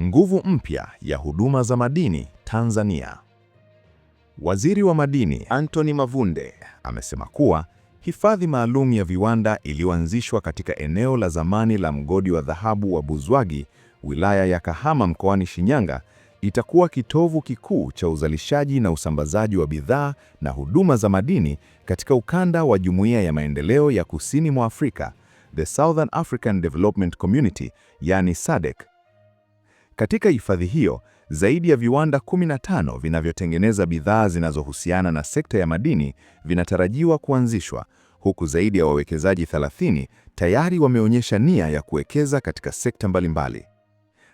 Nguvu mpya ya huduma za madini Tanzania. Waziri wa Madini Anthony Mavunde amesema kuwa hifadhi maalum ya viwanda iliyoanzishwa katika eneo la zamani la mgodi wa dhahabu wa Buzwagi, wilaya ya Kahama mkoani Shinyanga, itakuwa kitovu kikuu cha uzalishaji na usambazaji wa bidhaa na huduma za madini katika ukanda wa Jumuiya ya Maendeleo ya Kusini mwa Afrika, the Southern African Development Community, yani SADC. Katika hifadhi hiyo, zaidi ya viwanda 15 vinavyotengeneza bidhaa zinazohusiana na sekta ya madini vinatarajiwa kuanzishwa, huku zaidi ya wawekezaji 30 tayari wameonyesha nia ya kuwekeza katika sekta mbalimbali.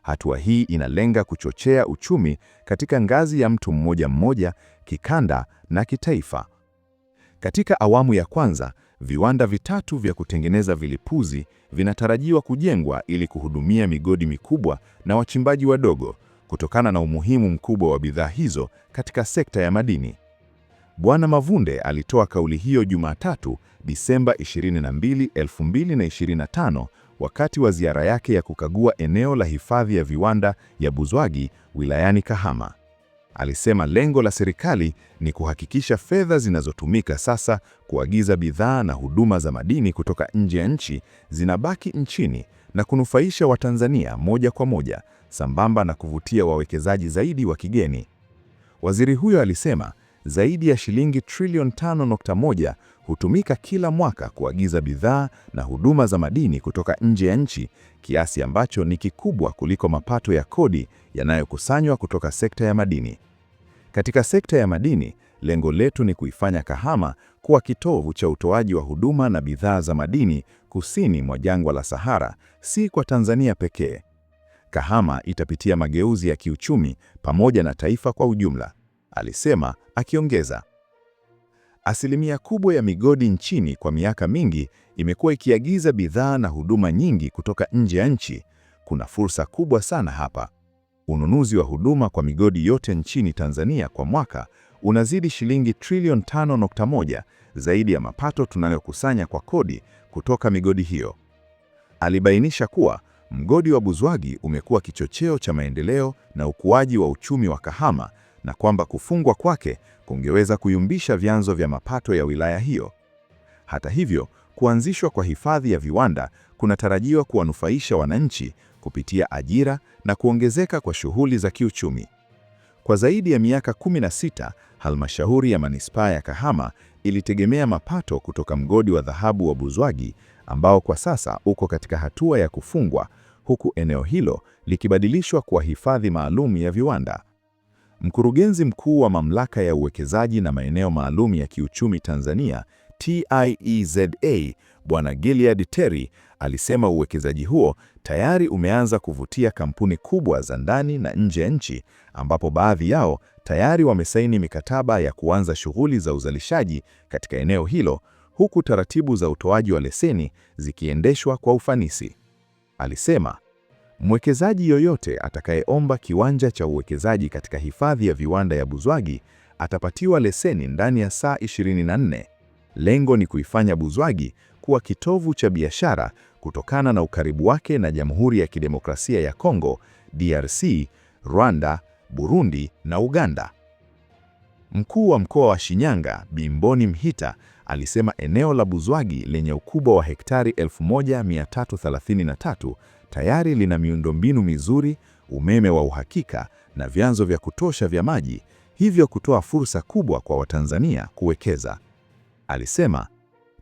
Hatua hii inalenga kuchochea uchumi katika ngazi ya mtu mmoja mmoja, kikanda na kitaifa, katika awamu ya kwanza, viwanda vitatu vya kutengeneza vilipuzi vinatarajiwa kujengwa ili kuhudumia migodi mikubwa na wachimbaji wadogo kutokana na umuhimu mkubwa wa bidhaa hizo katika sekta ya madini. Bwana Mavunde alitoa kauli hiyo Jumatatu, Disemba 22, 2025 wakati wa ziara yake ya kukagua eneo la hifadhi ya viwanda ya Buzwagi wilayani Kahama. Alisema lengo la serikali ni kuhakikisha fedha zinazotumika sasa kuagiza bidhaa na huduma za madini kutoka nje ya nchi zinabaki nchini na kunufaisha Watanzania moja kwa moja, sambamba na kuvutia wawekezaji zaidi wa kigeni. Waziri huyo alisema zaidi ya shilingi trilioni 5.1 hutumika kila mwaka kuagiza bidhaa na huduma za madini kutoka nje ya nchi, kiasi ambacho ni kikubwa kuliko mapato ya kodi yanayokusanywa kutoka sekta ya madini. Katika sekta ya madini, lengo letu ni kuifanya Kahama kuwa kitovu cha utoaji wa huduma na bidhaa za madini kusini mwa jangwa la Sahara, si kwa Tanzania pekee. Kahama itapitia mageuzi ya kiuchumi pamoja na taifa kwa ujumla alisema akiongeza, asilimia kubwa ya migodi nchini kwa miaka mingi imekuwa ikiagiza bidhaa na huduma nyingi kutoka nje ya nchi. Kuna fursa kubwa sana hapa. Ununuzi wa huduma kwa migodi yote nchini Tanzania kwa mwaka unazidi shilingi trilioni 5.1 zaidi ya mapato tunayokusanya kwa kodi kutoka migodi hiyo. Alibainisha kuwa mgodi wa Buzwagi umekuwa kichocheo cha maendeleo na ukuaji wa uchumi wa Kahama na kwamba kufungwa kwake kungeweza kuyumbisha vyanzo vya mapato ya wilaya hiyo. Hata hivyo, kuanzishwa kwa hifadhi ya viwanda kunatarajiwa kuwanufaisha wananchi kupitia ajira na kuongezeka kwa shughuli za kiuchumi. Kwa zaidi ya miaka 16, halmashauri ya manispaa ya Kahama ilitegemea mapato kutoka mgodi wa dhahabu wa Buzwagi ambao kwa sasa uko katika hatua ya kufungwa, huku eneo hilo likibadilishwa kwa hifadhi maalum ya viwanda. Mkurugenzi Mkuu wa Mamlaka ya Uwekezaji na Maeneo Maalum ya Kiuchumi Tanzania, TIEZA, Bwana Gilead Terry alisema uwekezaji huo tayari umeanza kuvutia kampuni kubwa za ndani na nje ya nchi, ambapo baadhi yao tayari wamesaini mikataba ya kuanza shughuli za uzalishaji katika eneo hilo, huku taratibu za utoaji wa leseni zikiendeshwa kwa ufanisi. Alisema Mwekezaji yoyote atakayeomba kiwanja cha uwekezaji katika hifadhi ya viwanda ya Buzwagi atapatiwa leseni ndani ya saa 24. Lengo ni kuifanya Buzwagi kuwa kitovu cha biashara kutokana na ukaribu wake na Jamhuri ya Kidemokrasia ya Kongo, DRC, Rwanda, Burundi na Uganda. Mkuu wa Mkoa wa Shinyanga, Bimboni Mhita, alisema eneo la Buzwagi lenye ukubwa wa hektari 1333 tayari lina miundombinu mizuri, umeme wa uhakika na vyanzo vya kutosha vya maji, hivyo kutoa fursa kubwa kwa Watanzania kuwekeza. Alisema,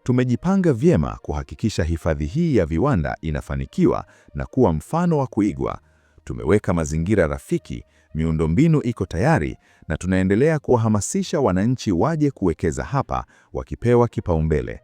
tumejipanga vyema kuhakikisha hifadhi hii ya viwanda inafanikiwa na kuwa mfano wa kuigwa Tumeweka mazingira rafiki, miundombinu iko tayari, na tunaendelea kuwahamasisha wananchi waje kuwekeza hapa, wakipewa kipaumbele.